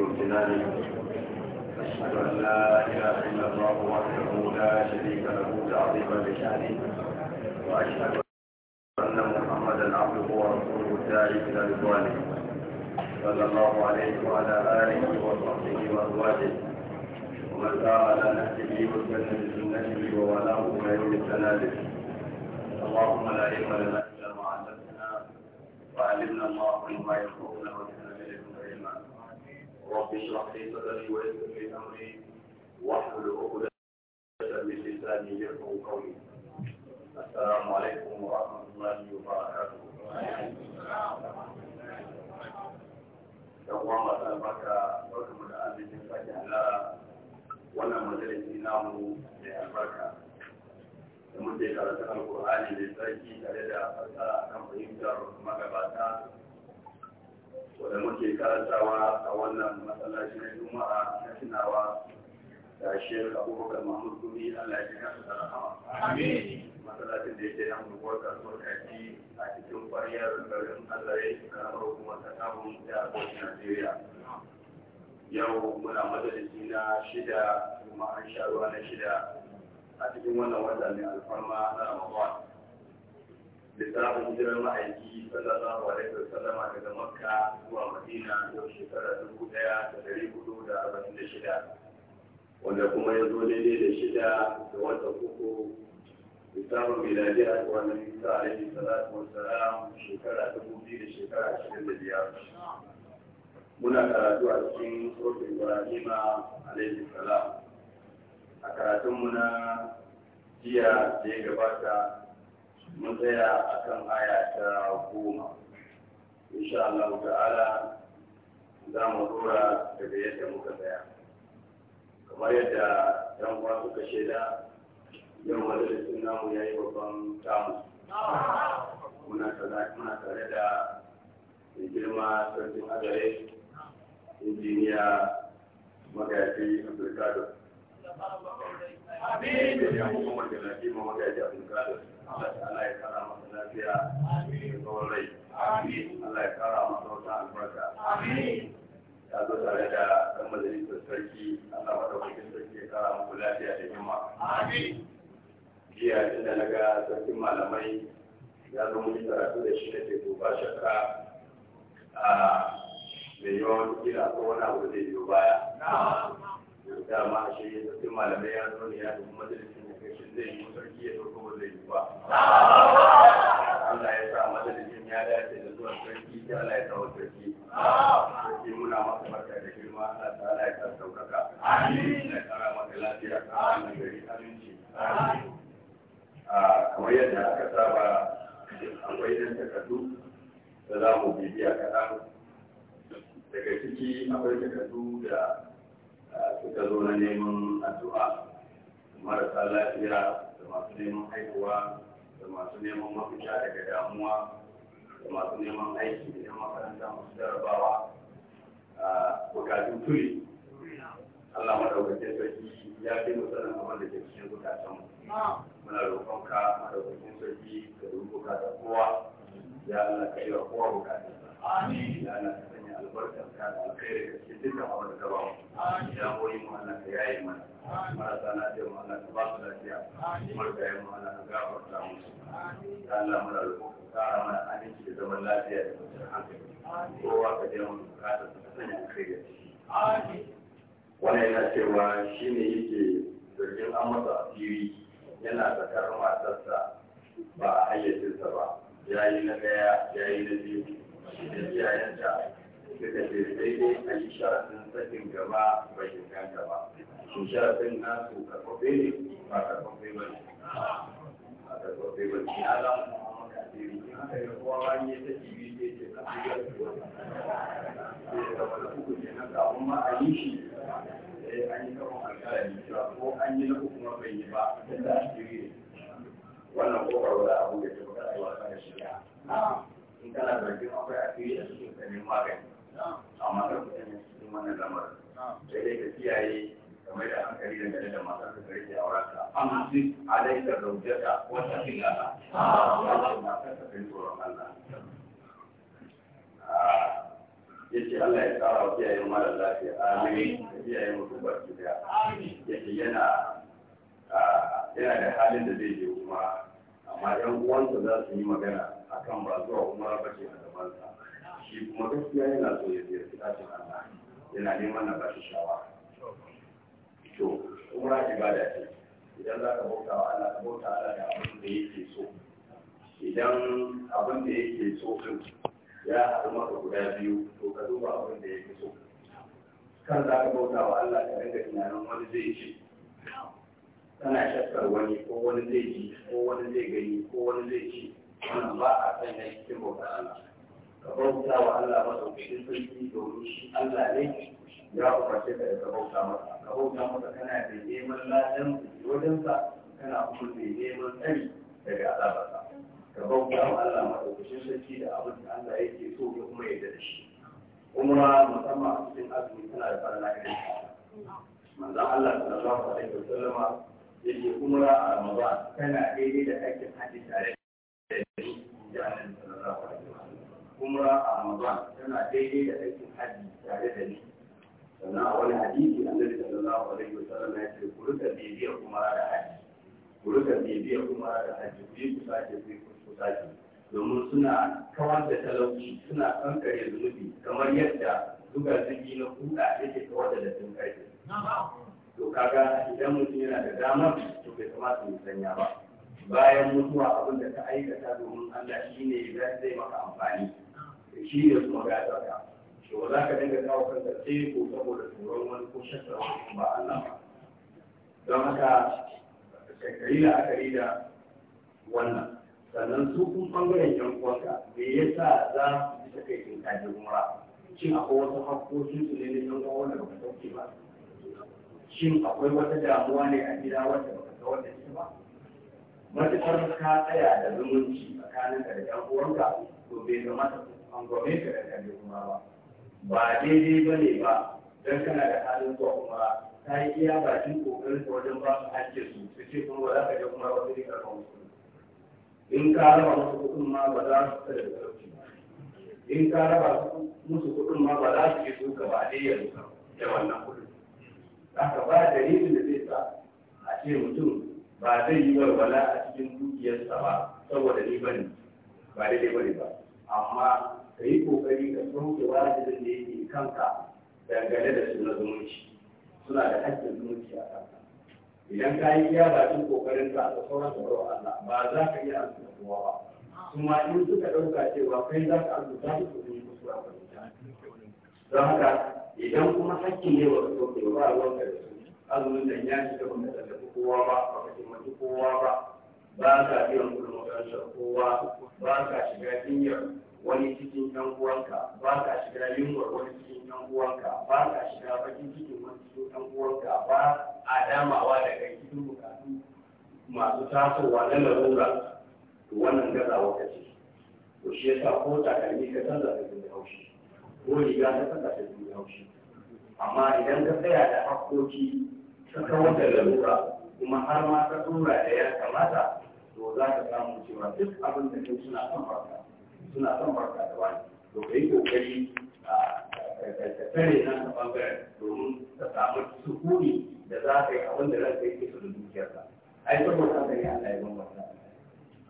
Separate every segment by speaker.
Speaker 1: وامتنانه أشهد أن لا إله إلا الله وحده لا شريك له تعظيما لشأنه وأشهد أن محمدا عبده ورسوله الداعي إلى رضوانه صلى الله عليه وعلى آله وصحبه وأزواجه ومن سار على نهجه وسن بسنته وولاه إلى يوم التنازل اللهم لا علم لنا إلا ما علمتنا وعلمنا اللهم ما ينفعنا وزدنا رب اشرح لي صدري ويسر لي امري واحلل عقدة من لساني يفقهوا قولي السلام عليكم ورحمة الله وبركاته. Yawwa masu albarka barkamu da arzikin sake halara wannan majalisi namu mai albarka da muke karatu alkur'ani mai tsarki tare da fasara kan fahimtar magabata wadda muke karantawa a wannan masallaci na juma'a na tunawa da shek abubakar mahmud gumi allah ya ji kasa da rahama masallacin da yake yan guguwar kasuwar kaji a cikin kwariyar garin azare karamar hukumar ta kamun jihar bauchi najeriya yau muna majalisi na shida kuma sharuwa sha ruwa na shida a cikin wannan wata ne alfarma na ramadan lissafin hijirar ma'aiki sallallahu alaihi wa sallama daga makka zuwa madina yau shekara dubu daya da dari hudu da arba'in da shida wanda kuma ya zo daidai da shida da wata uku lissafin miladiya a wani nisa alaihi salatu wa salam shekara dubu biyu da shekara ashirin da biyar muna karatu a cikin sofin ibrahima alaihi salam a karatunmu na jiya da ya gabata mun tsaya kan aya ta goma insha Allah ta'ala za mu dora daga yadda muka tsaya kamar yadda yan uwa suka shaida yau majalisin namu ya yi babban tamu muna tare da girma sarkin agare injiniya magaji abdulkadir amin da ya kuma da lafiya ma Allah ya lafiya da Allah ya tare da dan sarki Allah madaukakin sarki ya kara muku lafiya da himma jiya inda na ga sarkin malamai ya da shi da ke ba shakka a da yawan kila ko wani abu zai biyo baya da ma a shirya da sai malamai ya zo ne ya tafi majalisin da kashin zai yi sarki ya ɗauko ba zai yi ba Allah ya sa majalisin ya dace da zuwan sarki sai Allah ya sa wa sarki sarki muna masa barka da girma Allah ta Allah ya sa saukaka amin ya kara maka lafiya amin gari aminci kamar yadda aka saba akwai ɗan takardu da za mu bibiya kaɗan daga ciki akwai takardu da suka zo na neman addu'a marasa lafiya da masu neman haihuwa da masu neman mafita daga damuwa da masu neman aiki da 'yan makaranta masu jarabawa bukatun turi Allah madaukakin sarki ya fi mu kamar da ke cikin bukatun mu muna roƙon ka madaukakin sarki ka dubi bukatun kowa ya Allah ka yi wa kowa bukatun sa amin ya Allah ka albarka ka da alkhairi cikin mana marasa ba musu mana aminci da zaman lafiya da kwanciyar hankali kowa ka je mu bukata wannan yana cewa shine yake zargin an masa asiri yana zakar matarsa ba a hayyacinsa ba yayi na ɗaya yayi na biyu shi da iyayenta suka ce sai dai a yi sharafin sakin gaba bai inganta ba shi sharafin nasu karfafe ne ba karfafe ba ne ba karfafe ba ne ya zama kuma makasiri in aka yi kowa wani ya ta jibi sai ce ka fi yar kuwa sai da wani uku ke na kafin ma a yi shi sai an yi kafin alkalami cewa ko an yi na uku ma bai yi ba tun da asiri ne wannan kofar wani abu da ta wasa da kan shirya in kana zargin akwai asiri a cikin kanin magani amma da mutane cikin wannan lamarin sai dai ka kiyaye game da hankali da gane da da ka rike auren ka amsi alaika zaujata wa taqillana Allah matar ka kai tsoron Allah ah, yace Allah ya tsara wa kiyaye mara lafiya amin kiyaye mutu baki daya yace yana ah, yana da halin da zai je kuma amma yan uwansa za su yi magana akan ba zuwa umar bace a gabansa shi kuma gaskiya yana so ya ziyarci ɗakin Allah yana neman na bashi shawara to umra ibada ce idan za ka bauta wa Allah ka bauta Allah da abin da yake so idan abin da yake so ya haɗu maka guda biyu to ka duba abin da yake so kan za ka bauta wa Allah ka dinga tunanin wani zai ce kana shakkar wani ko wani zai ji ko wani zai gani ko wani zai ci wannan ba a sanya cikin bautar Allah ka bauta wa Allah maɗaukakin sarki domin shi Allah ne ya umarce ka ka bauta masa ka bauta masa kana da neman ladan wajensa kana kuma da neman tsari daga azabarsa ka bauta wa Allah maɗaukakin sarki da abin da Allah yake so ya kuma yadda da shi kuma musamman a cikin azumi tana da farla irin manzon Allah sallallahu alaihi wasallama yake umra a Ramadan kana daidai da aikin hajji tare da ni da Annabi sallallahu alaihi umra a Ramadan tana daidai da aikin haji tare da ni sannan a wani hadisi annabi sallallahu alaihi wasallam ya ce ku rika bibiyar kuma da haji ku bibiyar kuma da haji ku yi kusace ku yi kusace domin suna kawar da talauci suna kankare zunubi kamar yadda zuga zugi na kuɗa yake kawar da dattin karfe to kaga idan mutum yana da damar to bai kamata mu sanya ba bayan mutuwa abin da ka aikata domin Allah shine zai maka amfani shi ne kuma ga ta shi wa za ka dinga kawo kanka sai ko saboda tsoron wani ko shakkar ba Allah ba don haka shekari da aka yi da wannan sannan su kun bangaren yan uwanka me yasa za su bi ta kai kin kaji umra shin akwai wasu hakkokin su ne na yan uwan da baka sauke ba shin akwai wata damuwa ne a gida wanda baka ga wanda ita ba matuƙar ka tsaya da zumunci tsakanin da yan uwanka to bai kamata ku an gwame ka da kaje kuma ba
Speaker 2: ba daidai ba ne ba don kana da halin zuwa kuma ta yi iya bakin kokarin ka wajen ba su hajje su
Speaker 1: su ce kuma ba za ka je kuma ba sai karɓar musu in ka raba musu kuɗin ma ba za su tsare da ƙarfi ba in ka raba musu kuɗin ma ba za su je su ka ba dai yanzu da wannan kuɗin haka ba dalilin da zai sa a ce mutum ba zai yi walwala a cikin dukiyarsa ba saboda ni bane ba daidai ba ne ba amma ka yi kokari ka sauke wajibin da yake kanka dangane da su na zumunci suna da haƙƙin zumunci a kanka
Speaker 3: idan ka yi iya
Speaker 1: bakin kokarin ka da sauran tsaro Allah ba za ka iya amsa kowa ba kuma in suka ɗauka cewa kai za ka amsa za su kuma yi kuskura ba don haka idan kuma haƙƙin ne ba ka sauke ba ruwan ka da su azumin da ya shiga ba ka tallafi kowa ba ba ka taimaki kowa ba ba ka biyan kudin makarantar kowa ba ka shiga jinyar wani cikin ɗan uwanka ba ka shiga yunwar wani cikin ɗan uwanka ba ka shiga bakin cikin wani cikin yan uwanka ba a damawa da kai cikin bukatu masu tasowa na larura to wannan gaza wata ce to shi yasa ko takalmi ka canza da jin haushi ko riga ka canza da jin haushi amma idan ka tsaya da harkoki, ta kawar da larura kuma har ma ka tura da ya kamata to za ka samu cewa duk abin da kai suna kan farka suna son barka da wani to kai yi kokari ka tsare na ta bangare domin ta samu sukuni da za ka yi abin da ranka yake so da a
Speaker 2: ai saboda haka ne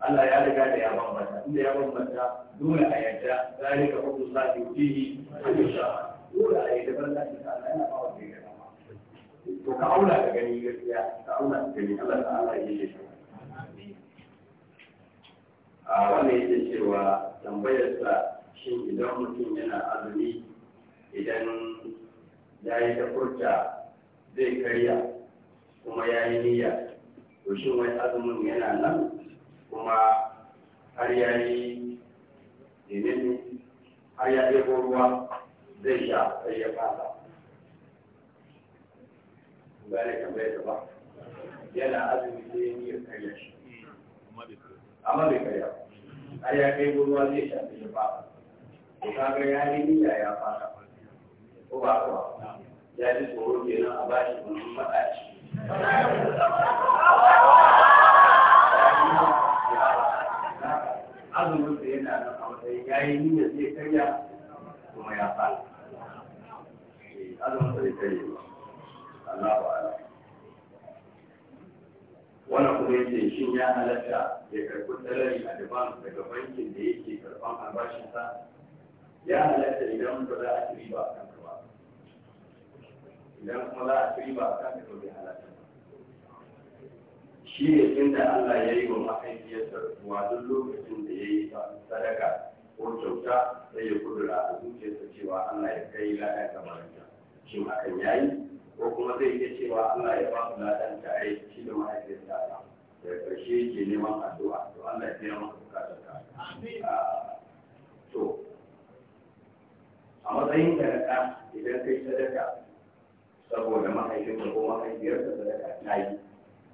Speaker 1: Allah ya bambanta Allah ya riga da ya bambanta inda ya bambanta dole a yarda zalika hukmu sa'i fihi insha dole a yarda barka da Allah yana ba wa to ka aula ka gani gaskiya ka aula ka gani Allah ta'ala ya yi shi a wannan yake cewa tambayarsa shin idan mutum yana azumi idan ya yi ta furta zai karya kuma ya yi niyya to shin wai azumin yana nan kuma har ya yi menene har ya ɗebo ruwa zai sha sai ya fasa gane tambayar ba yana azumi sai ya niyyar karya shi eh, amma bai karya har ya kai ruwa zai shafi ya fara to kaga ya yi niyya ya fara ko ba ko ya ji tsoro kenan a bashi wani maɗaci azumin da yana nan a matsayin ya yi niyya zai karya kuma ya fara eh, azumin da zai karya Allah wa'ala
Speaker 3: wannan kuma yake shin ya halatta
Speaker 1: ya karɓi salari a daban daga bankin da yake karɓan albashinsa ya halatta idan ba za a ci ba a ba idan kuma za a ci ba a kanka to bai halatta ba
Speaker 3: shi ne inda Allah ya yi
Speaker 1: wa mahaifiyarsa ruwa duk lokacin da ya yi sadaka ko kyauta sai ya kudura a zuciyarsa cewa Allah ya kai lada kamar shin hakan ya yi ko kuma zai iya cewa Allah ya ba mu ladan ai shi da mahaifinsa da ƙarshe ke neman addu'a to Allah ya biya maka bukatar ka ah, to a matsayin da ka idan kai sadaka saboda mahaifinka ko ka sadaka ta yi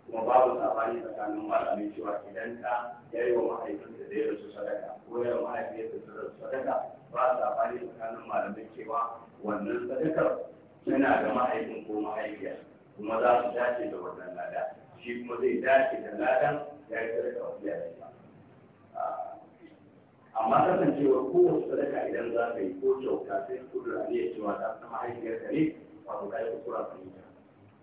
Speaker 1: kuma babu sabani tsakanin malamai cewa idan ka yayi wa mahaifinsa da zai rasu sadaka ko ya mahaifiyarsa da rasu sadaka ba sabani tsakanin malamai cewa wannan sadakar Yana da ma'aikin ko ma'aikiya kuma za su dace da wannan lada shi kuma zai dace da ladan ya yi sadaka wasu yare ba amma kasancewa kowace sadaka idan za ka yi ko kyauta sai kudura ne ya cewa ta sama haifiyar ka ne ba su kai kuskura ka yi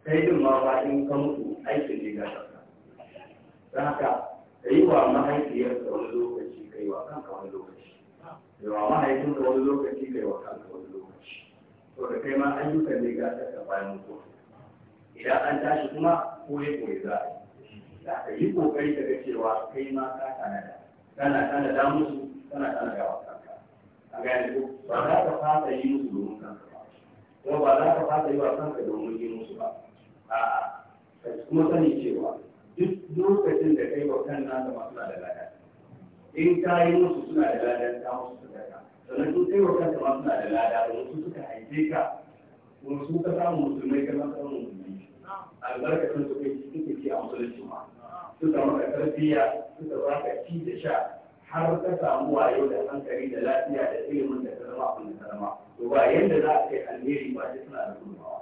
Speaker 1: kai din ma ba in ka mutu aikin ne ga sarka don haka ka yi wa ka wani lokaci ka yi wa kanka wani lokaci ka yi wa mahaifinka wani lokaci ka yi wa kanka wani lokaci to da kai ma ayyukan ne ga ta bayan mutuwa idan an tashi kuma koye koye za a yi da ka yi kokari ka ga cewa kai ma ka tanada kana tanada musu kana tanada wa kanka a gane ko ba za ka fasa yi musu domin kanka ba kuma ba za ka fasa yi wa kanka domin yi musu ba a'a ka kuma sani cewa duk lokacin da kai wa kan nasa masu da ladan in ka yi musu suna da ladan ta musu sadaka sannan su tsaye wa kansu ma suna da lada da wasu suka haife ka kuma su ka samu musulmai ka ma samu musulmi albarkacin su kai suke ci a musulunci ma suka maka tarbiyya suka baka ci da sha har ka samu wayo da hankali da lafiya da ilimin da ka zama abin da ka zama to ba yanda za a kai alheri ba sai suna da gudunmawa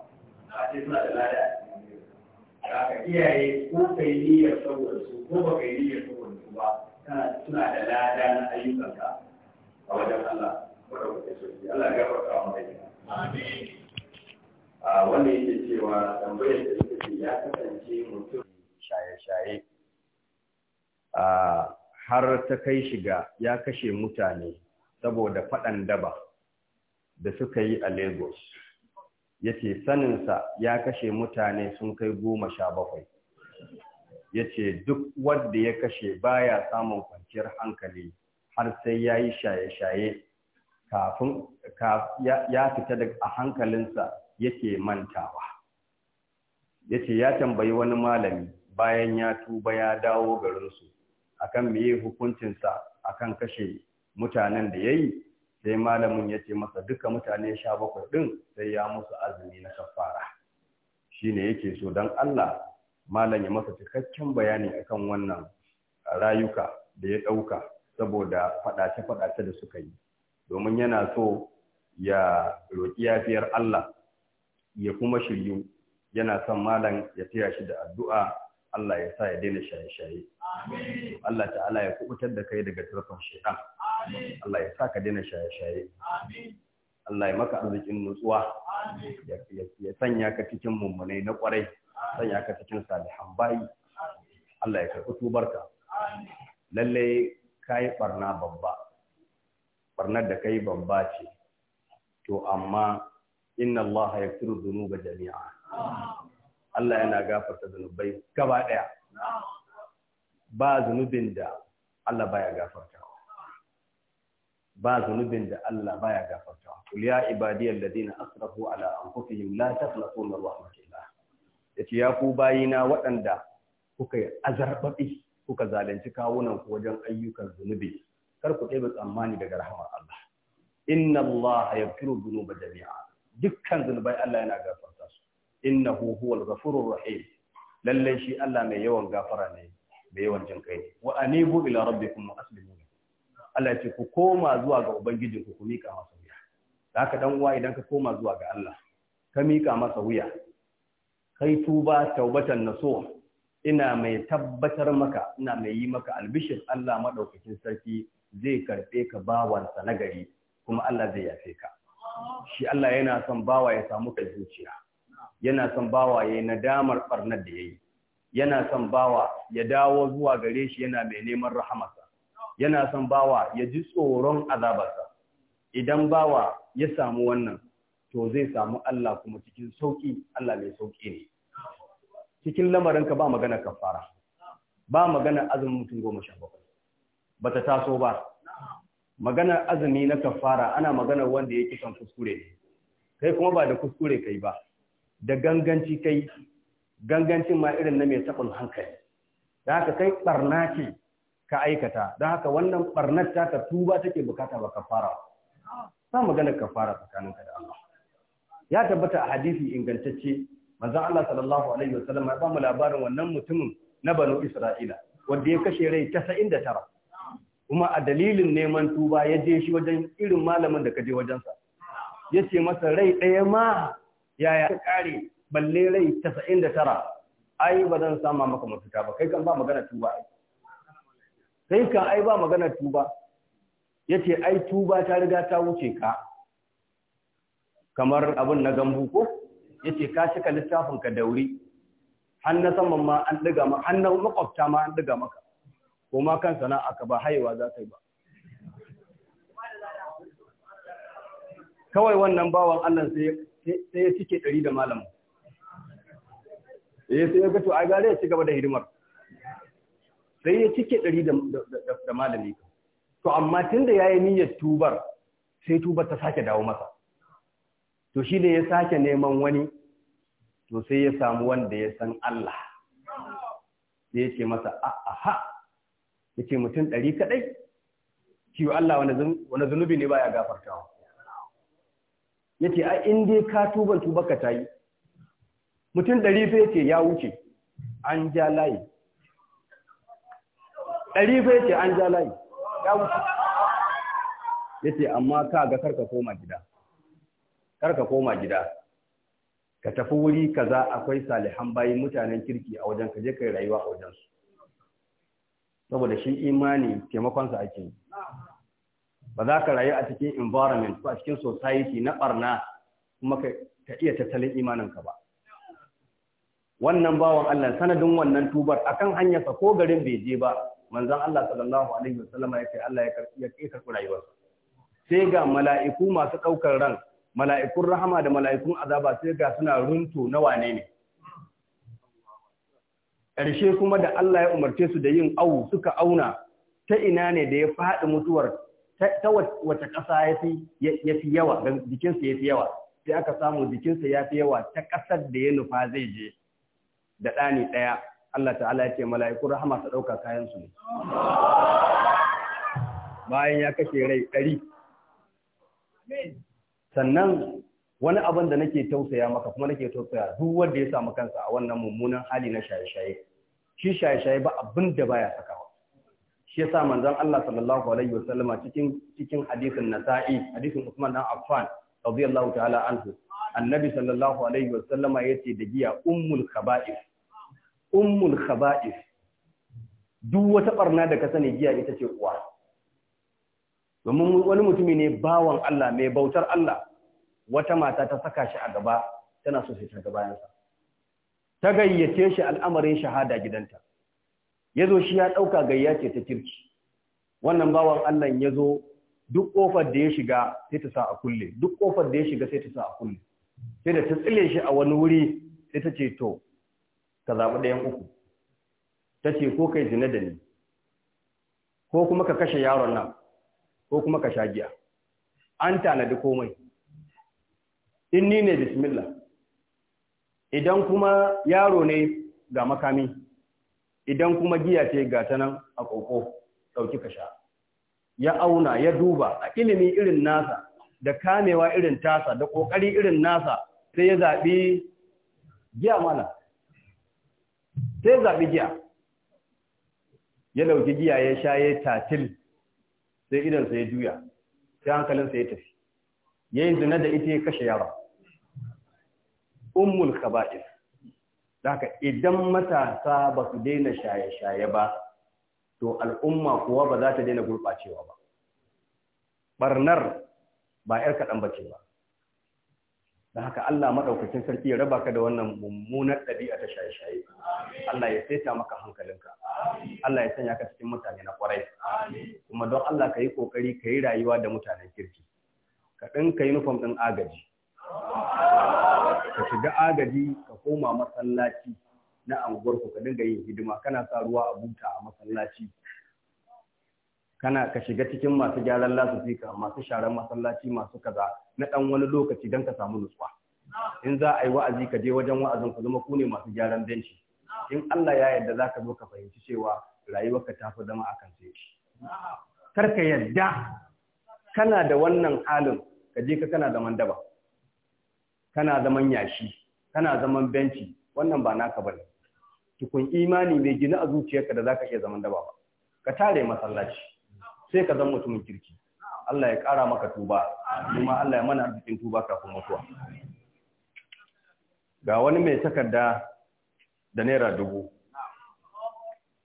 Speaker 1: ba sai suna da lada da ka iyaye ko kai niyyar saboda su ko ba kai niyyar saboda su ba suna da lada na ayyukanka a wajen Allah madaukakin sarki Allah ya gafarta wa mai amin a wannan yake cewa tambayar da ita ce ya kasance mutum shaye-shaye
Speaker 3: har ta kai shiga ya kashe mutane saboda faɗan daba da suka yi a Lagos. Ya ce saninsa ya kashe mutane sun kai goma sha bakwai. Ya ce duk wanda ya kashe baya samun kwanciyar hankali har sai ya yi shaye-shaye kafin ya fita da a hankalinsa yake mantawa ya ce ya tambayi wani malami bayan ya tuba ya dawo garinsu akan meye hukuncinsa akan kashe mutanen da ya yi sai malamin ya ce masa duka mutane sha bakwai ɗin sai ya musu azumi na kafara shi ne yake so don Allah malam ya masa cikakken bayani akan wannan rayuka da ya ɗauka saboda faɗace-faɗace da suka yi domin yana so ya roƙi yafiyar Allah ya kuma shiryu yana son malam ya taya shi da addu'a Allah ya sa ya daina shaye-shaye. Allah ta'ala ya kubutar da kai daga tarfin shaitan. Allah ya sa ka daina shaye-shaye. Allah ya maka arzikin nutsuwa. Ya sanya ka cikin mummunai na kwarai, sanya ka cikin salihan bayi. Allah ya karɓi tubarka. Lallai Kayi barna babba barnar da kai babba ce to amma inna Allah ya firu zunuba jami'a Allah yana gafarta zunubai gaba ɗaya. ba zunubin da Allah baya gafarta, ba zunubin da Allah baya gafarta kul ya ibadiyal ladina asrafu ala anfusihim la taqnatu min rahmatillah yace ya ku bayina waɗanda kuka yi azarbabi kuka zalunci kawunan ku wajen ayyukan zunubi kar ku ɗebe tsammani daga rahama Allah inna Allah ya yaghfiru zunuba jami'a dukkan zunubai Allah yana gafarta su innahu huwal ghafurur rahim lalle shi Allah mai yawan gafara ne mai yawan jin kai ne wa anibu ila rabbikum wa aslimu Allah ce ku koma zuwa ga ubangijinku ku mika masa wuya haka dan uwa idan ka koma zuwa ga Allah ka mika masa wuya kai tuba taubatan nasuha ina mai tabbatar maka ina mai yi maka albishir Allah madaukakin sarki zai karɓe ka bawansa na gari kuma Allah zai yafe ka shi Allah yana son bawa ya samu ka zuciya yana son bawa ya yi nadamar ɓarnar da yayi yana son bawa ya dawo zuwa gare shi yana mai neman rahamarsa yana son bawa ya ji tsoron azabarsa idan bawa ya samu wannan to zai samu Allah kuma cikin sauƙi Allah mai sauƙi ne cikin lamarin ka ba magana kafara ba magana azumin mutum goma sha bakwai ba ta taso ba magana azumi na kafara ana magana wanda ya kisan kuskure kai kuma ba da kuskure kai ba da ganganci kai gangancin ma irin na mai taɓin hankali da haka kai ɓarna ce ka aikata da haka wannan ɓarnar ta ka tuba take bukata ba kafara sa magana kafara tsakaninka da Allah ya tabbata a hadisi ingantacce manzon Allah sallallahu alaihi wasallam ya bamu labarin wannan mutumin na banu Isra'ila wanda ya kashe rai 99 kuma a dalilin neman tuba ya je shi wajen irin malamin da ka je wajen sa yace masa rai ɗaya ma yaya ka kare balle rai 99 ai ba zan sama maka mafita ba kai kan ba magana tuba ai sai kan ai ba magana tuba yace ai tuba ta riga ta wuce ka kamar abin na gambu ko yace ka cika littafin ka wuri. har na saman ma an diga ma har na makwabta ma an diga maka ko ma kan sana'a ka ba haiwa za ka yi ba kawai wannan bawan Allah sai sai ya cike ɗari da malamu ya eh, sai ya ga to a gare ya ci gaba da hidimar sai ya cike ɗari da malami to amma tun da ya yi niyyar tubar sai tubar ta sake dawo masa to shi da ya sake neman wani to sai ya samu wanda ya san Allah sai ya ce masa aha ya ce mutum ɗari kaɗai ciwo Allah wani zunubi ne baya gafartawa ya ce a inda ka tuban tuba ka ta yi mutum ɗari fa ya ce ya wuce an ja layi ɗari fa ya ce an ja layi ya wuce ya ce amma ka ga karka koma gida kar ka koma gida ka tafi wuri kaza akwai salihan bayin mutanen kirki a wajen ka je kai rayuwa a wajen su saboda shi imani taimakon sa ake ba za ka rayu a cikin environment ko a cikin society na barna kuma ka iya tattalin imanin ka ba wannan bawan Allah sanadin wannan tubar akan sa ko garin bai je ba manzon Allah sallallahu alaihi wasallam ya kai Allah ya karbi ya karbi rayuwarsa sai ga mala'iku masu daukar ran mala'ikun rahama da mala'ikun azaba sai ga suna runtu na wane ne ƙarshe kuma da Allah ya umarce su da yin awu suka auna ta ina ne da ya faɗi mutuwar ta wace ƙasa ya fi yawa jikinsa ya fi yawa sai aka samu jikinsa ya fi yawa ta ƙasar da ya nufa zai je da ɗani ɗaya Allah ta'ala ya ce mala'ikun rahama su ɗauka kayansu ne bayan ya kashe rai ɗari sannan wani abin da nake tausaya maka kuma nake tausaya duk wanda ya samu kansa a wannan mummunan hali na shaye-shaye shi shaye-shaye ba abin da baya sakawa shi yasa manzon Allah sallallahu alaihi wasallama cikin cikin hadisin Nasa'i hadisin Usman dan Affan radiyallahu ta'ala anhu annabi sallallahu alaihi wasallama yace da giya ummul khaba'is ummul khaba'is duk wata barna da ka sani giya ita ce uwa domin wani mutumi ne bawan Allah mai bautar Allah wata mata ta saka shi a gaba tana so sai ta ga bayansa ta gayyace shi al'amarin shahada gidanta yazo shi ya dauka gayya ce ta kirki wannan bawan Allah yazo duk kofar da ya shiga sai ta sa a kulle duk kofar da ya shiga sai ta sa a kulle sai da ta tsile shi a wani wuri sai ta ce to ka zabi ɗayan uku ta ce ko kai zina da ni ko kuma ka kashe yaron nan ko kuma ka sha giya an tanadi komai in ni ne bismillah idan kuma yaro ne ga makami idan kuma giya ce ga ta nan a koko ɗauki ka sha ya auna ya duba a ilimi irin nasa da kamewa irin tasa da ƙoƙari irin nasa sai ya zaɓi giya mana sai ya zaɓi giya ya ɗauki giya ya sha ya tatil sai idansa ya juya sai hankalinsa ya tafi ya yi zina da ita ya kashe yara ummul Da haka idan matasa ba su daina shaye-shaye ba to al'umma kuwa ba za ta daina gurɓacewa ba Ɓarnar ba 'yar kaɗan ba ce ba da haka Allah maɗaukacin sarki ya raba ka da wannan mummunar ɗabi'a ta shaye-shaye Allah ya saita maka hankalinka Allah ya sanya ka cikin mutane na kwarai kuma don Allah ka yi ƙoƙari ka yi rayuwa da mutanen kirki ka ɗinka uniform ɗin agaji ka shiga agaji ka koma masallaci na anguwarku ka dinga yin hidima kana sa ruwa a buta a masallaci kana ka shiga cikin masu gyaran lasufika masu sharan masallaci masu kaza na ɗan wani lokaci don ka samu nutsuwa in za a yi wa'azi ka je wajen wa'azin ku zama ku ne masu gyaran benci in Allah ya yarda za ka zo ka fahimci cewa rayuwarka ta fi zama a kan sai kar ka yarda kana da wannan halin ka je ka kana zaman daba kana zaman yashi kana zaman benci wannan ba naka bane tukun imani mai gina a zuciyarka da zaka iya zaman daba ba ka tare masallaci sai ka zama mutumin kirki Allah ya ƙara maka tuba kuma Allah ya mana arzikin tuba kafin mutuwa ga wani mai takarda da naira dubu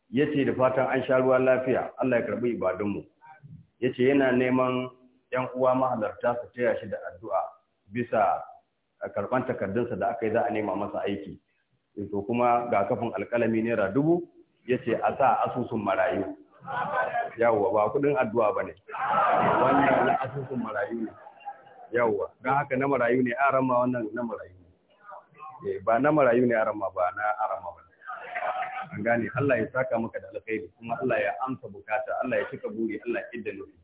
Speaker 3: ya ce da fatan an sha ruwa lafiya Allah ya karbi ibadunmu ya ce yana neman ‘yan uwa mahalarta su taya shi da addu'a bisa karɓar takardunsa da aka yi za a nema masa aiki to kuma ga kafin alkalami naira dubu ya ce a sa asusun marayu yawwa ba kudin addu'a ba ne wannan na asusun marayu ne yawwa don haka na marayu ne a ma wannan na marayu Eh, ba na marayu ne arama ba na arama ba an gane Allah ya saka maka da alkhairi kuma Allah ya amsa bukata Allah ya cika buri Allah ya idda nufi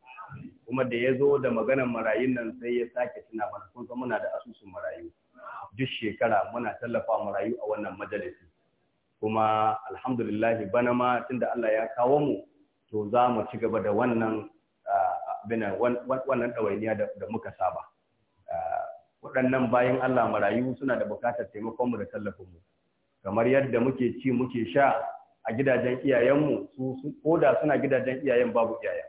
Speaker 3: kuma da ya zo da maganar marayun nan sai ya sake tuna mana kun san muna da asusun marayu duk shekara muna tallafa marayu a wannan majalisi kuma alhamdulillah bana ma tunda Allah ya kawo mu to za mu ci gaba da wannan ah, bina wannan ɗawainiya da muka saba ah, waɗannan bayan Allah marayu suna da bukatar taimakon mu da tallafin mu kamar yadda muke ci muke sha a gidajen iyayenmu su da suna gidajen iyayen babu iyayen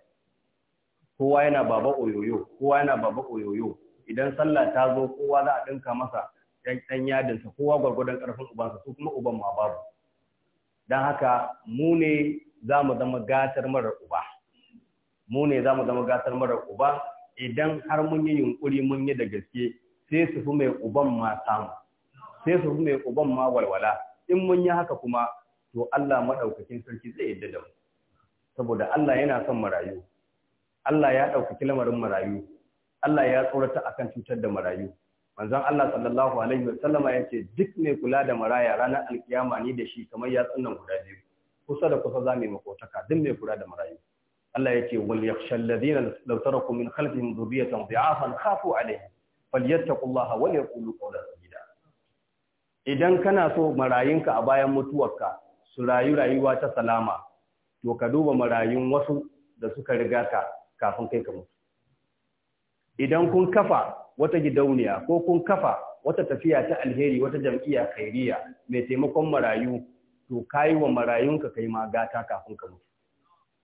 Speaker 3: kowa yana baba oyoyo kowa yana baba oyoyo idan sallah ta zo kowa za a dinka masa ɗan yadinsa kowa gwargwadon ƙarfin ubansa su kuma uban ma babu don haka mu ne za mu zama gatar marar uba mu ne za zama gatar mara uba idan har mun yi yunƙuri mun yi da gaske sai su fi mai uban ma samu sai su fi mai uban ma walwala in mun yi haka kuma to Allah maɗaukakin sarki zai yadda da mu saboda Allah yana son marayu Allah ya ɗaukaki lamarin marayu Allah ya tsorata akan cutar da marayu manzon Allah sallallahu alaihi wasallama yace duk mai kula da maraya ranar alkiyama ni da shi kamar ya tsannan guda biyu kusa da kusa za mu makotaka duk mai kula da marayu Allah yace wal yakhshal ladina law taraku min khalfihim dhurriyatan dha'afan khafu alaihim falyattaqullaha wa yaqulu qawlan sadida idan kana so marayinka a bayan mutuwarka su rayu rayuwa ta salama to ka duba marayun wasu da suka riga ka kafin kai ka mutu idan kun kafa wata gidauniya ko kun kafa wata tafiya ta alheri wata jam'iyya khairiyya mai taimakon marayu to kai wa marayunka kai ma gata kafin ka mutu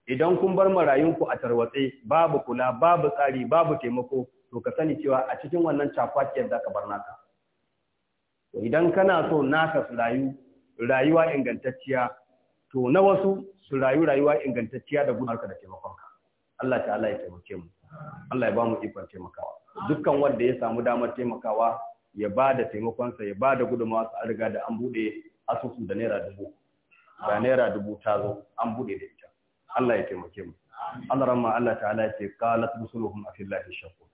Speaker 3: idan kun bar marayunku a tarwatse babu kula babu tsari babu taimako to ka sani cewa a cikin wannan cakwakiyar za ka bar naka to idan kana so naka su rayu rayuwa ingantacciya to na wasu su rayu rayuwa ingantacciya da gudunarka da taimakonka Allah ta'ala ya taimake mu Allah ya ba mu ikon taimakawa dukkan wanda ya samu damar taimakawa ya ba da taimakonsa ya ba da gudunmawa a riga da an buɗe asusun da naira dubu da naira dubu ta zo an buɗe da ita Allah ya taimake mu Allah ramma Allah ta'ala ya ce qalat rusuluhum afillahi shakku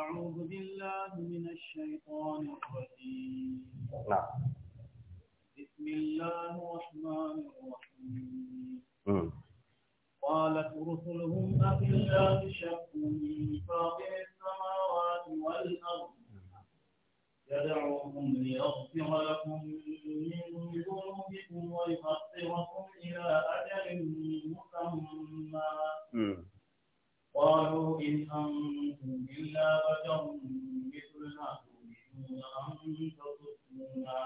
Speaker 2: أعوذ بالله من الشيطان الرجيم نعم بسم الله الرحمن الرحيم قالت رسلهم أفي الله شك فاطر السماوات والأرض يدعوكم ليغفر لكم من ذنوبكم ويقصركم إلى أجل مسمى قالوا إن أنتم إلا بشر مثلنا تؤمنون أن تصدونا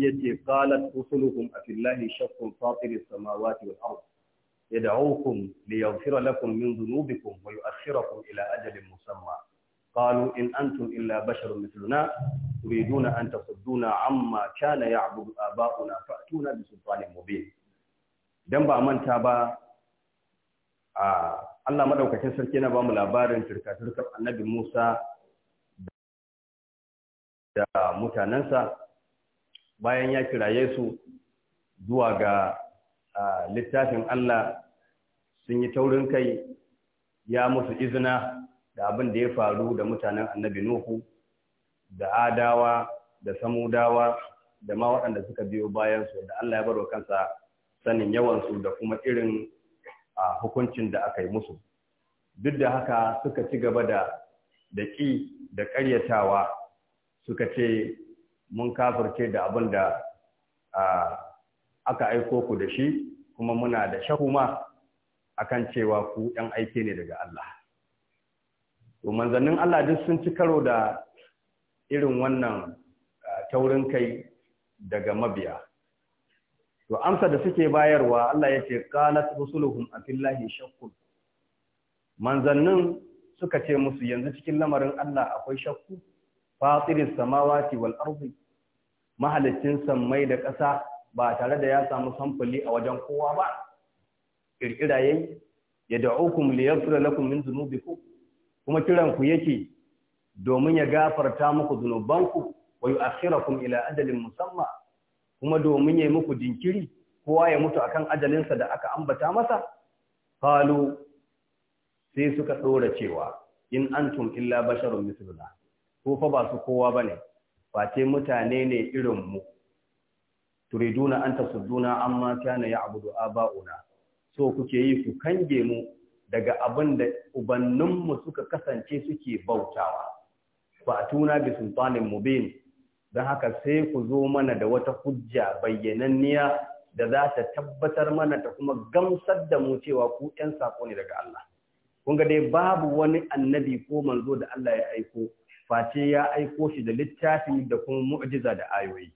Speaker 3: yace qalat rusuluhum afillahi shaqqun fatiris samawati wal ard yad'ukum liyaghfira lakum min dhunubikum wa yu'akhkhirakum ila ajalin musamma قالوا إن أنتم إلا بشر مثلنا تريدون أن تصدونا عما كان يعبد آباؤنا فأتونا بسلطان مبين dan ba manta ba a Allah madaukakin sarki na ba mu labarin turka-turkar annabi Musa da mutanensa bayan ya kiraye su zuwa ga littafin Allah sun yi taurin kai ya musu izina da abin da ya faru da mutanen annabi Nuhu da Adawa da Samudawa da ma waɗanda suka biyo bayan su da Allah ya baro kansa sanin yawan su da kuma irin hukuncin da aka yi musu duk da haka suka ci gaba da da ƙi da ƙaryatawa suka ce mun kafirce da abin da aka aiko ku da shi kuma muna da a akan cewa ku ɗan aike ne daga Allah. To manzannin Allah duk sun ci karo da irin wannan taurin kai daga mabiya. To amsa da suke bayarwa Allah ya ce, "Kalat rusuluhum a fillahi shakkun." Manzannin suka ce musu yanzu cikin lamarin Allah akwai shakku, fatirin samawati wal arziki san mai da ƙasa ba tare da ya samu samfuli a wajen kowa ba kirkira yayi li yaghfira lakum min dhunubikum kuma kiran ku yake domin ya gafarta muku dhunubanku wa yu'akhirakum ila ajalin musamma kuma domin ya muku jinkiri kowa ya mutu akan ajalinsa da aka ambata masa qalu sai suka dora cewa in antum illa basharun mithluna ko fa ba su kowa bane face mutane ne irin mu turiduna an tasudduna amma kana ya'budu aba'una so kuke yi ku kange mu daga abin da ubanninmu suka kasance suke bautawa a tuna bi sultanin mubin Don haka sai ku zo mana da wata hujja bayyananniya da za ta tabbatar mana ta kuma gamsar da mu cewa ku 'yan sako ne daga Allah kun ga dai babu wani annabi ko manzo da Allah ya aiko face ya aiko shi da littafi da kuma mu'jiza da ayoyi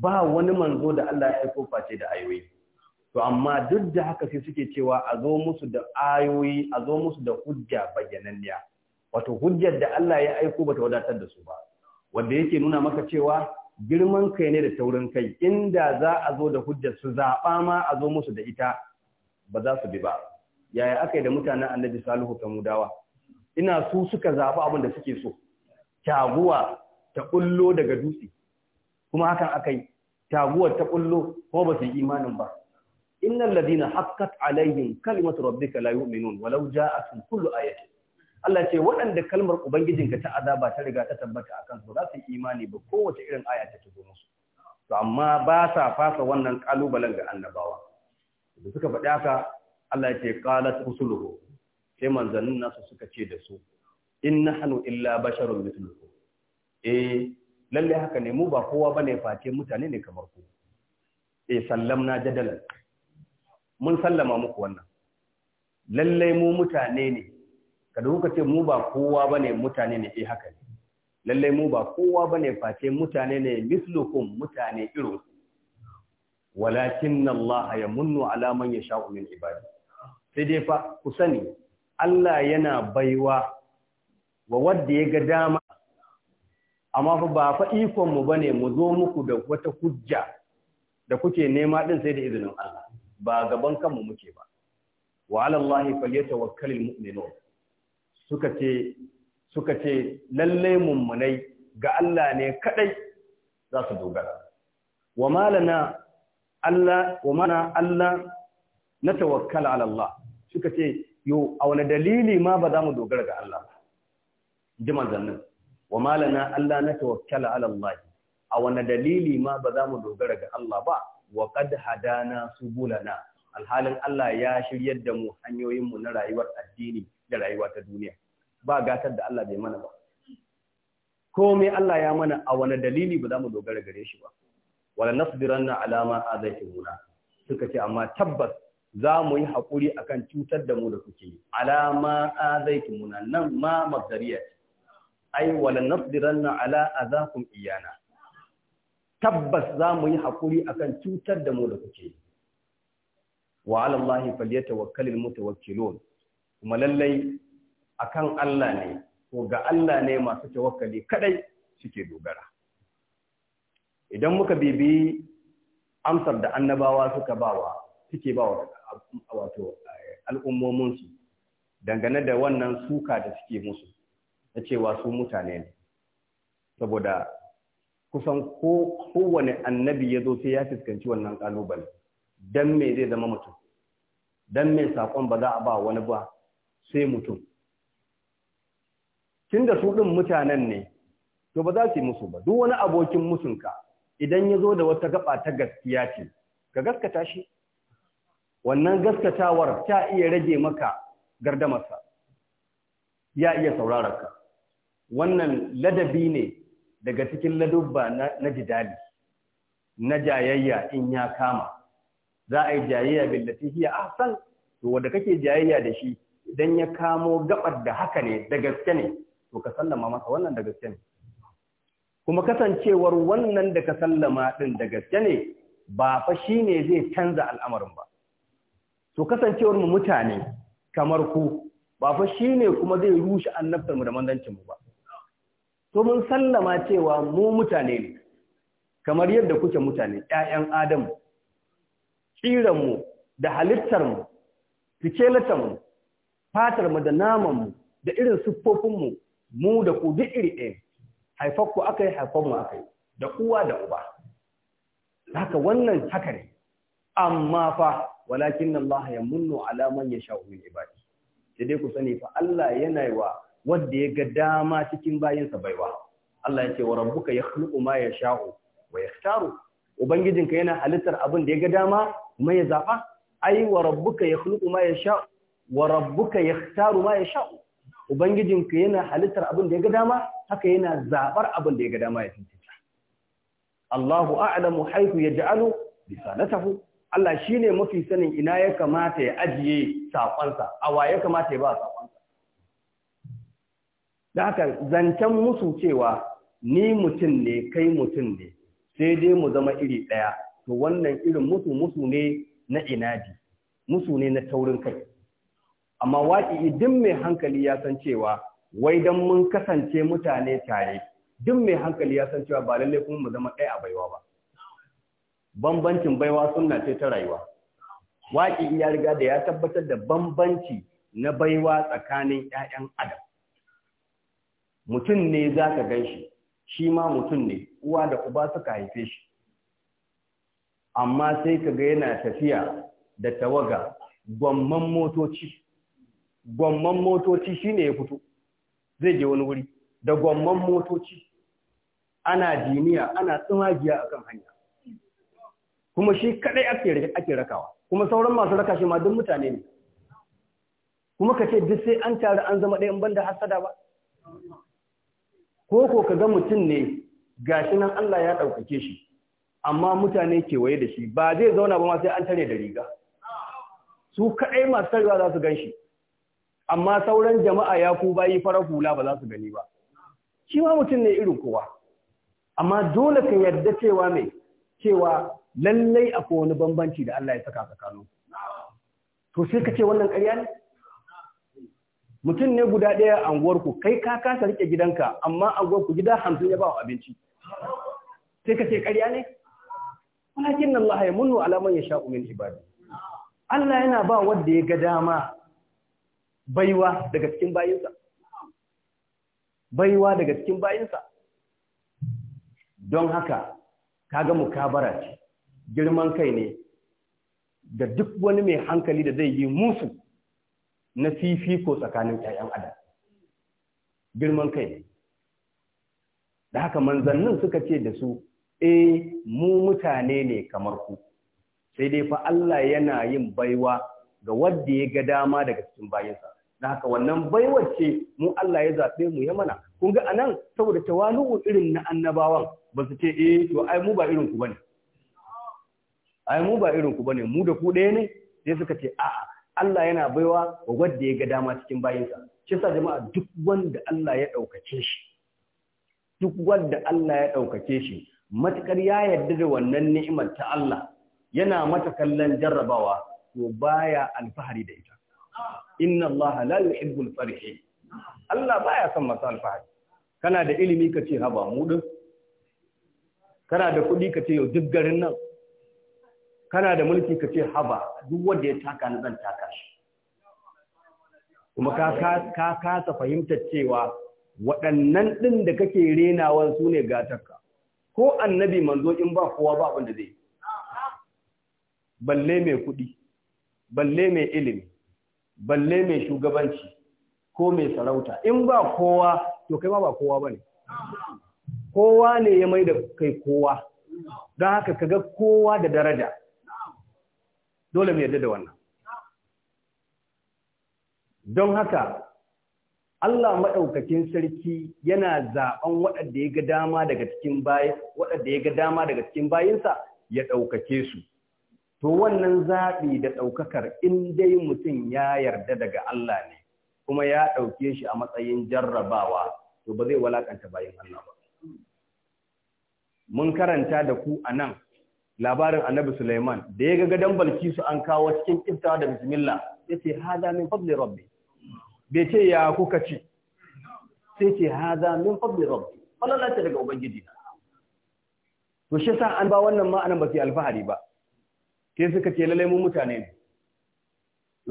Speaker 3: ba wani manzo da Allah ya aiko face da ayoyi to amma duk da haka sai suke cewa a zo musu da ayoyi a zo musu da hujja bayyananniya wato hujjar da Allah ya aiko bata wadatar da su ba wanda yake nuna maka cewa girman kai ne da taurin kai inda za a zo da hujjar su zaɓa ma a zo musu da ita ba za su bi ba yaya aka yi da mutanen annabi salihu mudawa? ina su suka zaɓi abin da suke so taguwa ta kullo daga dutse kuma hakan akai taguwar ta kullo ko ba su imanin ba innal ladina haqqat alaihim kalimatu rabbika la yu'minun walau ja'atuhum kullu ayatin Allah ce waɗanda kalmar ubangijinka ta azaba ta riga ta tabbata akan su ba su imani ba kowace irin aya ta zo musu to amma ba sa fasa wannan kalubalen ga annabawa da suka faɗi haka Allah ya ce qalat rusuluhu sai manzannin nasu suka ce da su in hannu illa basharun mithlukum eh lalle haka ne mu ba kowa bane face mutane ne kamar ku eh sallamna jadalan mun sallama muku wannan lalle mu mutane ne kada kuka ce mu ba kowa bane mutane ne eh haka ne lalle mu ba kowa bane face mutane ne mislukum mutane irin walakinna Allah munnu ala man yasha'u min ibadi sai dai fa ku sani Allah yana baiwa wa wadda ya ga dama amma fa ba fa ikon mu bane mu zo muku da wata hujja da kuke nema din sai da izinin Allah ba gaban kanmu muke ba wa ala Allah falyatawakkalul mu'minun suka ce suka ce lalle mummunai ga Allah ne kadai za su dogara wa malana Allah wa mana Allah na ala Allah suka ce yo a wani dalili ma ba za mu dogara ga Allah ba ji manzannin wa malana Allah na tawakkala ala Allah a wani dalili ma ba za mu dogara ga Allah ba wa qad hadana subulana alhalin Allah ya shiryar da mu hanyoyin mu na rayuwar addini da rayuwa ta duniya ba gatar da Allah bai mana ba komai Allah ya mana a wani dalili ba za mu dogara gare shi ba wala nasbiranna ala ma azaytumuna suka ce amma tabbas za mu yi haƙuri akan cutar da mu da kuke alama muna nan ma magdariya ai wala nasdiranna ala azakum iyana tabbas za mu yi hakuri akan cutar da mu da kuke wa ala allahi falyatawakkalul mutawakkilun kuma lallai akan Allah ne ko ga Allah ne masu tawakkali kadai suke dogara idan muka bibi amsar da annabawa suka bawa suke bawa wato eh, al'ummomin su dangane da wannan suka da suke musu na cewa su mutane ne saboda kusan kowane annabi ya zo sai ya fuskanci wannan kalubale dan me zai zama mutum dan me sakon ba za a ba wani ba sai mutum tunda su ɗin mutanen ne to ba za su yi musu ba duk wani abokin musunka idan ya zo da wata gaba ta gaskiya ce ka gaskata shi wannan gaskatawar ta iya rage maka gardamarsa ya iya ka. wannan ladabi ne daga cikin ladubba na jidali na jayayya in ya kama za a yi jayayya billati hiya ahsan to wanda kake jayayya da shi idan ya kamo gabar da haka ne da gaske ne to ka sallama masa wannan da gaske ne kuma kasancewar wannan da ka sallama din da gaske ne ba fa shine zai canza al'amarin ba to kasancewar mu mutane kamar ku ba fa shine kuma zai rushe annabtar mu da mandancin mu ba to mun sallama cewa mu mutane ne kamar yadda kuke mutane ƴaƴan adam mu da halittar mu fatar fatarmu da naman mu da irin siffofin mu da ku duk iri ɗaya haifakku aka yi mu aka yi da uwa da uba haka wannan haka ne amma fa walakin Allah ya munnu ala man yasha'u min ibadi sai dai ku sani fa Allah yana yi wa wanda ya ga dama cikin bayinsa baiwa Allah ya ce wa rabbuka yakhluqu ma yasha'u wa yahtaru ubangijinka yana halittar abin da ya ga dama kuma ya zaba ai wa rabbuka yakhluqu ma yasha'u wa rabbuka yahtaru ma yasha'u ubangijinka yana halittar abin da ya ga dama haka yana zabar abin da ya ga dama ya tantance Allahu a'lamu haythu yaj'alu lisanatahu Allah shine mafi sanin ina ya kamata ya ajiye sakonsa a waye kamata ya ba sa da haka zancen musu cewa ni mutum ne kai mutum ne sai dai mu zama iri ɗaya to wannan irin musu musu ne na inadi musu ne na taurin kai amma waƙi duk mai hankali ya san cewa wai dan mun kasance mutane tare duk mai hankali ya san cewa ba lallai kuma mu zama ɗaya a baiwa ba bambancin baiwa sunna ce ta rayuwa waƙi ya riga da ya tabbatar da bambanci na baiwa tsakanin 'ya'yan adam mutum ne za ka gan shi shi ma mutum ne uwa da uba suka haife shi amma sai ka ga yana tafiya da tawaga gwamman motoci gwamman motoci shine ya fito zai je wani wuri da gwamman motoci ana jiniya ana tsumagiya akan hanya kuma shi kadai ake ake rakawa kuma sauran masu raka shi ma duk mutane ne kuma ka ce duk sai an tare an zama ɗaya banda hasada ba ko ko ka ga mutum ne ga shi nan Allah ya ɗaukake shi amma mutane kewaye da shi ba zai zauna ba ma sai an tare da riga su kaɗai masu tarewa za su gan shi amma sauran jama'a ya ku bayi farar hula ba za su gani ba shi ma mutum ne irin kowa amma dole ka yarda cewa mai cewa lallai akwai wani bambanci da Allah ya saka tsakanin to sai ka ce wannan ƙarya ne mutum ne guda ɗaya a anguwarku kai ka kasa rike gidanka amma anguwarku gida hamsin ya ba wa abinci sai ka ce ƙarya ne walakin Allah ya munnu alaman ya sha umin ibadi Allah yana ba wanda ya ga dama baiwa daga cikin bayinsa baiwa daga cikin bayinsa don haka kaga mukabara ce girman kai ne ga duk wani mai hankali da zai yi musu na fifiko tsakanin ‘ya'yan adam girman kai da haka manzannin suka ce da su e mu mutane ne kamar ku sai dai fa Allah yana yin baiwa ga wanda ya ga dama daga cikin bayinsa. da haka wannan baiwar ce mu Allah ya zaɓe mu ya mana kun ga anan saboda tawalu irin na annabawan ba su ce eh to ai mu ba irin ku bane ai mu ba irin ku bane mu da ku ɗaya ne sai suka ce a'a Allah yana baiwa wa wadda ya ga dama cikin bayinsa shi sa jama'a duk wanda Allah ya ɗaukace shi duk wanda Allah ya ɗaukace shi matukar ya yarda da wannan ni'imar ta Allah yana mata kallon jarrabawa to baya alfahari da ita inna Allah la al farihi Allah baya son masu alfahari kana da ilimi ka ce haba mu kana da kuɗi ka ce yau duk garin nan kana da mulki ka ce haba duk wanda ya taka ni zan taka shi kuma ka kasa fahimtar cewa waɗannan ɗin da kake renawa su ne gatarka ko annabi manzo in ba kowa ba abinda zai balle mai kuɗi balle mai ilimi balle mai shugabanci ko mai sarauta in ba kowa to kai ma ba kowa ba ne kowa ne ya mai da kai kowa don haka kaga kowa da daraja dole mu yarda da wannan don haka Allah maɗaukakin sarki yana zaɓen waɗanda ya ga dama daga cikin bayan waɗanda ya ga dama daga cikin bayinsa ya ɗaukake su to wannan zaɓi da ɗaukakar in dai mutum ya yarda daga Allah ne kuma ya ɗauke shi a matsayin jarrabawa to ba zai walakanta bayan Allah ba mun karanta da ku a nan labarin annabi Sulaiman da ya ga gadon Balkisu an kawo cikin kiftawa da bismillah ya ce haza min fadli rabbi bai ce ya kuka ci sai ce haza min fadli rabbi falala ce daga ubangiji to shi sa an ba wannan ma anan ba su alfahari ba sai suka ce lalle mu mutane ne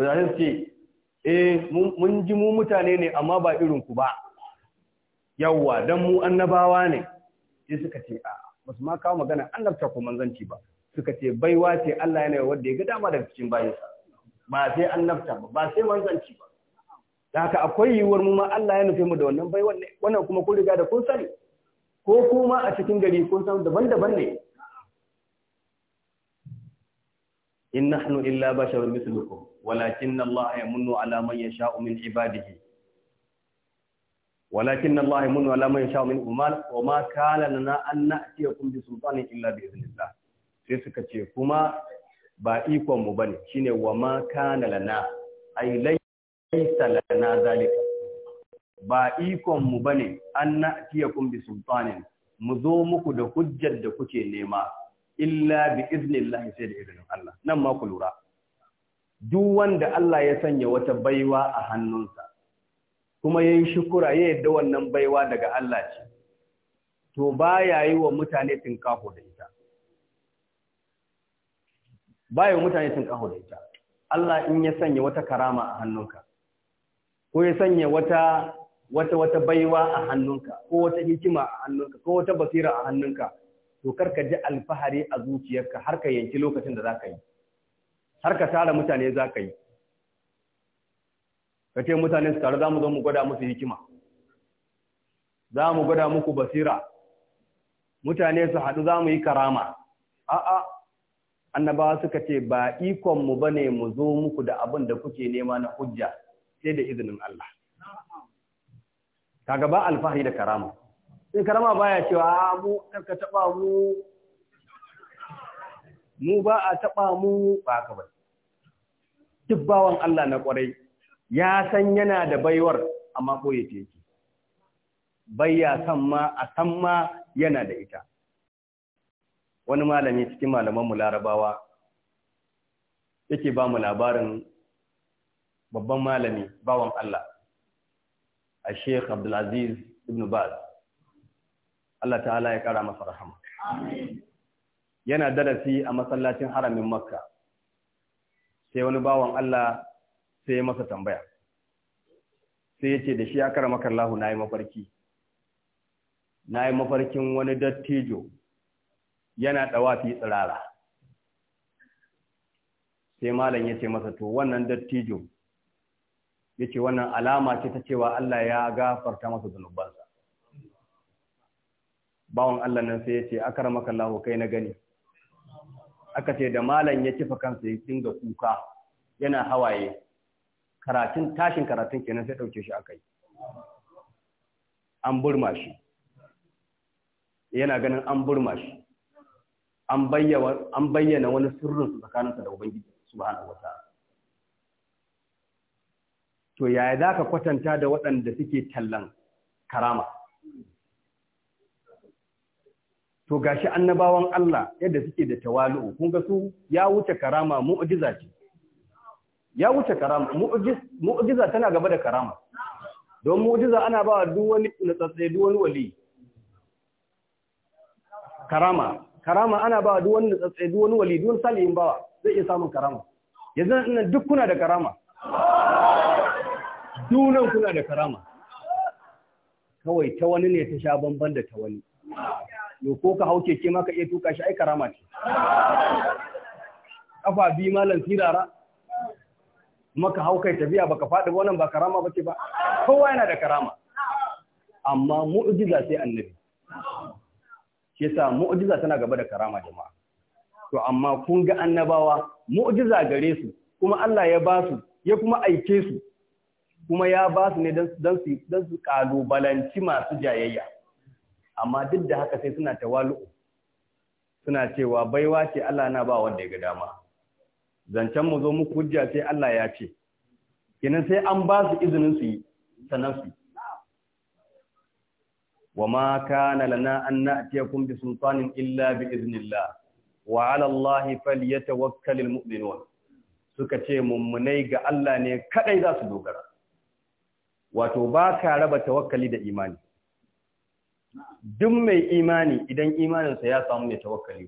Speaker 3: da zai ce eh mun ji mu mutane ne amma ba irin ku ba yawwa dan mu annabawa ne sai suka ce a'a ba su ma kawo magana annabta ko manzanci ba suka ce baiwa ce Allah yana yi wanda ya ga dama daga cikin bayansa ba sai annabta ba ba sai manzanci ba da haka akwai yiwuwar mu ma Allah ya nufe mu da wannan baiwan ne wannan kuma kun riga da kun sani ko kuma a cikin gari kun san daban-daban ne in nahnu illa basharun mislukum walakinna Allah yamunnu ala man yasha'u min ibadihi walakin Allah mun wala man sha min umal wa ma kana lana an na'tiyakum bi sultanin illa bi idnillah sai suka ce kuma ba ikon mu bane shine wa ma kana lana ai laysa lana zalika ba ikon mu bane an na'tiyakum bi sultanin mu zo muku da hujjar da kuke nema illa bi idnillah sai da idnin Allah nan ma ku lura duk wanda Allah ya sanya wata baiwa a hannunsa kuma ya yi shukura ya yadda wannan baiwa daga Allah ce to ba ya yi wa mutane tinkaho da ita Ba wa mutane tinkaho da ita Allah in ya sanya wata karama a hannunka ko ya sanya wata wata wata baiwa a hannunka ko wata hikima a hannunka ko wata basira a hannunka to karka ji alfahari a zuciyarka har ka yanki lokacin da za ka yi har ka tara mutane za ka yi ka ce mutane su taru za mu zo mu gwada musu hikima za mu gwada muku basira mutane su haɗu za mu yi karama a'a annabawa suka ce ba ikonmu ba ne mu zo muku da abin da kuke nema na hujja sai da izinin Allah Ka gaba alfahari da karama sai karama baya cewa mu ka taba mu mu ba a taba mu ba ka ba duk bawan Allah na kwarai ya san yana da baiwar amma koye ce Bai ya san ma a san ma yana da ita wani malami cikin malamanmu larabawa yake ba mu labarin babban malami bawan Allah a sheikh abdulaziz ibn baz Allah ta'ala ya kara masa rahama yana darasi a masallacin haramin makka sai wani bawan Allah sai ya masa tambaya sai ya ce da shi ya kara Lahu na yi mafarki na yi mafarkin wani dattijo yana fi tsirara sai malam ya ce masa to wannan dattijo ya ce wannan alama ce ta cewa Allah ya gafarta masa zunubansa bawan Allah nan sai ya ce akar makallahu kai na gani aka ce da malam ya kifa kansa ya dinga kuka yana hawaye karatun tashin karatun kenan sai ɗauke shi akai. an burma shi yana ganin an burma shi an bayyana wani sirrin su tsakaninsa da ubangiji subhanahu wa wata. to yaya za ka kwatanta da waɗanda suke tallan karama to gashi annabawan Allah yadda suke da tawalu'u kun ga su ya wuce karama mu'jiza ce ya wuce karama mu'jiza tana gaba da karama don mu'jiza ana ba duk wani natsatsai duk wani wali karama karama ana ba duk wani natsatsai duk wani wali duk salihin bawa zai iya samun karama yanzu nan duk kuna da karama dunan kuna da karama kawai ta wani ne ta sha bamban da ta wani yo ko ka hau keke ma ka iya tuka shi ai karama ce kafa bi malam sirara maka ka hau kai tafiya baka faɗi wannan ba karama bace ba kowa yana da karama amma mu'jiza sai annabi shi yasa mu'jiza tana gaba da karama jama'a to amma kun ga annabawa mu'jiza gare su kuma Allah ya ba su ya kuma aike su kuma ya ba su ne don su dan su kalubalanci masu jayayya amma duk da haka sai suna tawalu suna cewa baiwa ce Allah na ba wanda ya ga dama zancen mu zo muku hujja sai Allah ya ce kinan sai an ba su izinin su yi sannan su wa ma kana lana an na'tiyakum bi sultanin illa bi iznillah wa 'ala allahi falyatawakkalul mu'minun suka ce mummunai ga Allah ne kadai za su dogara wato ba ka raba tawakkali da imani duk mai imani idan imaninsa ya samu mai tawakkali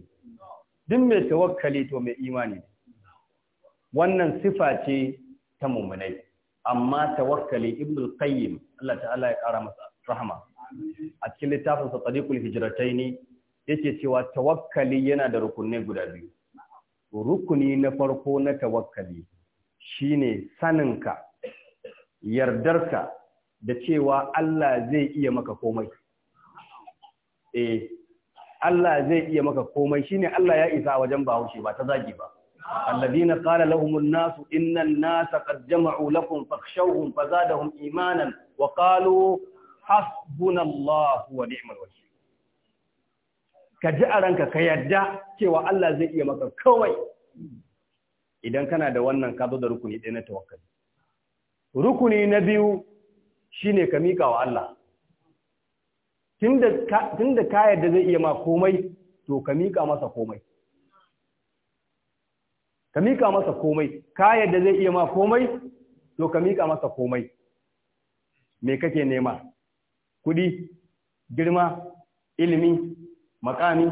Speaker 3: duk mai tawakkali to mai imani wannan sifa ce ta mummunai amma tawakkali ibn al-qayyim Allah ta'ala ya kara masa rahama a cikin littafin sa tariqul ne, yake cewa tawakkali yana da rukunai guda biyu rukuni na farko na tawakkali shine saninka yardarka da cewa Allah zai iya maka komai eh Allah zai iya maka komai shine Allah ya isa wajen shi ba ta zagi ba alladhina qala lahum an-nas inna an-nasa qad jama'u lakum fakhshawhum fazadahum imanan wa qalu hasbunallahu wa ni'mal wakeel ka ji a ranka ka yadda cewa Allah zai iya maka kawai idan kana da wannan ka da rukuni ɗaya na tawakkali rukuni na biyu shine ka mika wa Allah tunda ka yadda zai iya ma komai to ka mika masa komai ka mika masa komai ka yadda zai iya ma komai to ka mika masa komai me kake nema kudi girma ilimi makami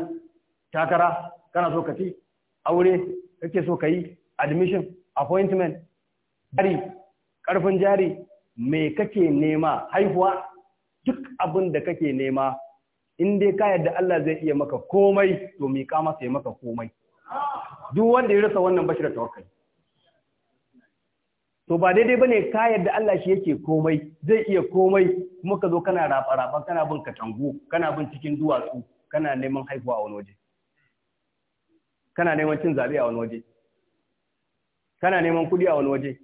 Speaker 3: takara kana so ka ci aure kake so ka yi admission appointment jari karfin jari me kake nema haihuwa duk abin da kake nema in dai ka yadda Allah zai iya maka komai to miƙa masa ya maka komai duk wanda ya rasa wannan bashi da tawakkali to ba daidai bane ka yadda Allah shi yake komai zai iya komai kuma ka zo kana raba-raba, kana bin katangu kana bin cikin duwatsu kana neman haihuwa a wani waje kana neman cin zabe a wani waje kana neman kudi a wani waje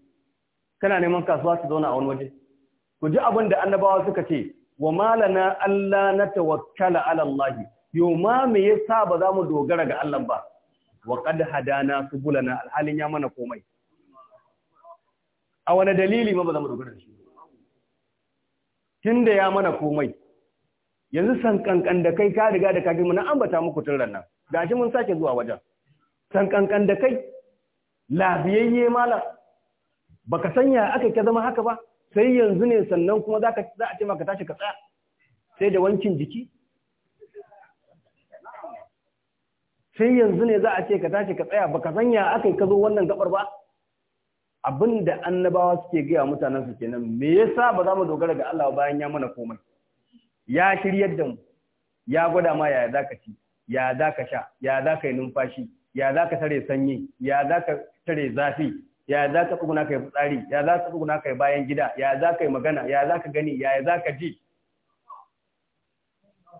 Speaker 3: kana neman kasuwa su zauna a wani waje ku ji abin da annabawa suka ce wa malana Allah na tawakkala ala Allah yo ma me yasa ba za mu dogara ga Allah ba wa qad hadana subulana alhalin ya mana komai a wani dalili ma ba za mu dogara da shi tunda ya mana komai yanzu san kankan da kai ka riga da ka gima na ambata muku tun ran nan gashi mun sake zuwa wajen san kankan da kai labiyayye malam baka sanya aka ka zama haka ba sai yanzu ne sannan kuma za a ce maka tashi ka tsaya sai da wankin jiki sai yanzu ne za a ce ka tashi ka tsaya baka sanya aka yi ka zo wannan gabar ba abin da annabawa suke gaya mutanen su kenan me yasa ba za mu dogara ga Allah bayan ya mana komai ya shiryar da mu ya gwada ma ya za ka ci ya za ka sha ya za ka yi numfashi ya za ka tare sanyi ya za ka tare zafi ya za ka tsuguna kai fitsari ya za ka tsuguna kai bayan gida ya za ka yi magana ya za ka gani ya za ka ji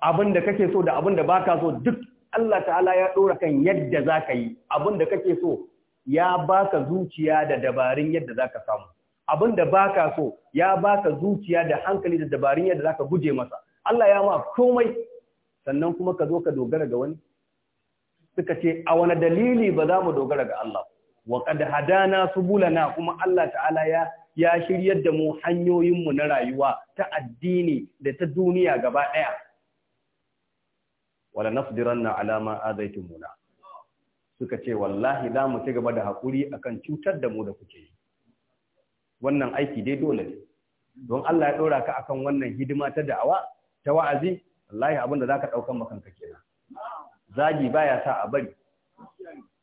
Speaker 3: abin da kake so da abin da baka so duk Allah ta'ala ya ɗora kan yadda za ka yi abin da kake so ya baka zuciya da dabarun yadda za ka samu abin da baka so ya baka zuciya da hankali da dabarun yadda za ka guje masa Allah ya ma komai sannan kuma ka zo ka dogara ga wani suka ce a wani dalili ba za mu dogara ga Allah wa qad hadana subulana kuma Allah ta'ala ya ya shiryar da mu hanyoyinmu na rayuwa ta addini da ta duniya gaba ɗaya wala nafdiranna ala ma Muna, suka ce wallahi za mu ci gaba da haƙuri akan cutar da mu da kuke yi wannan aiki dai dole ne don Allah ya ɗora ka akan wannan hidima ta da'awa ta wa'azi wallahi abinda za ka ɗaukan ke kenan zagi baya sa a bari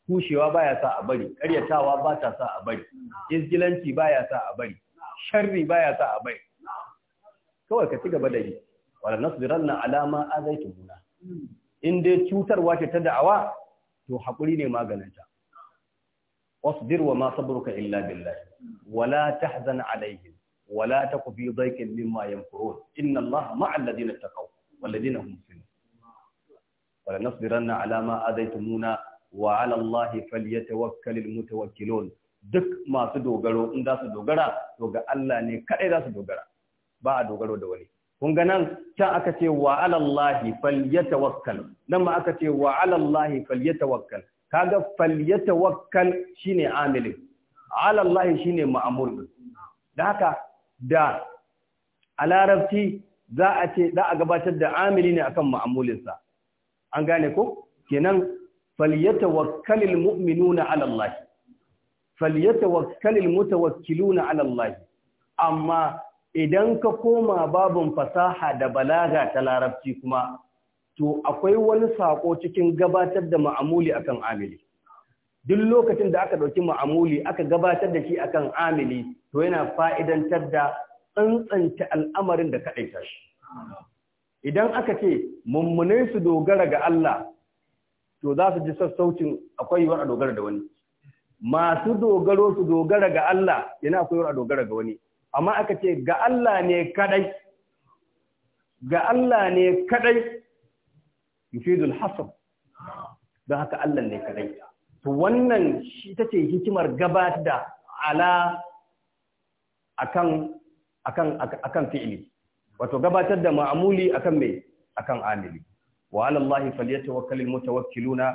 Speaker 3: kushewa baya sa a bari ƙaryatawa ba ta sa a bari izgilanci baya sa a bari sharri baya sa a bari kawai ka ci gaba da yi wala nasbiranna ala ma azaitumuna in dai cutarwa ce ta da'awa to haƙuri ne maganinta wasbir wa ma sabruka illa billahi wala tahzan alaihim wala taku fi dhaykin mimma yamkurun inna allaha ma'al ladina taqaw wal ladina hum muslimun wala nasbiranna ala ma adaytumuna wa ala allahi falyatawakkalul mutawakkilun duk masu dogaro in za su dogara to ga Allah ne kadai za su dogara ba a dogaro da wani kun ga nan can aka ce wa alallahi falyatawakkal nan ma aka ce wa alallahi falyatawakkal kaga falyatawakkal shine amilin alallahi shine ma'mur da haka da a larabci za a ce za a gabatar da amili ne akan ma'amulinsa an gane ko kenan falyatawakkalil mu'minuna alallahi falyatawakkalil mutawakkiluna alallahi amma idan ka koma babin fasaha da balaga ta larabci kuma to akwai wani sako cikin gabatar da ma'amuli akan amili duk lokacin da aka ɗauki ma'amuli aka gabatar da shi akan amili to yana fa'idantar da tsantsanta al'amarin da ta shi idan aka ce mummunai su dogara ga Allah to za su ji sassaucin akwai yiwuwar a dogara da wani masu dogaro su dogara ga Allah yana akwai yiwuwar a dogara ga wani amma aka ce ga Allah ne kadai ga Allah ne kadai yufidul hasab don haka Allah ne kadai to wannan shi tace hikimar gabatar da ala akan akan akan fi'ili wato gabatar da ma'amuli akan me akan amili wa alallahi falyatawakkal falyatawakkalul mutawakkiluna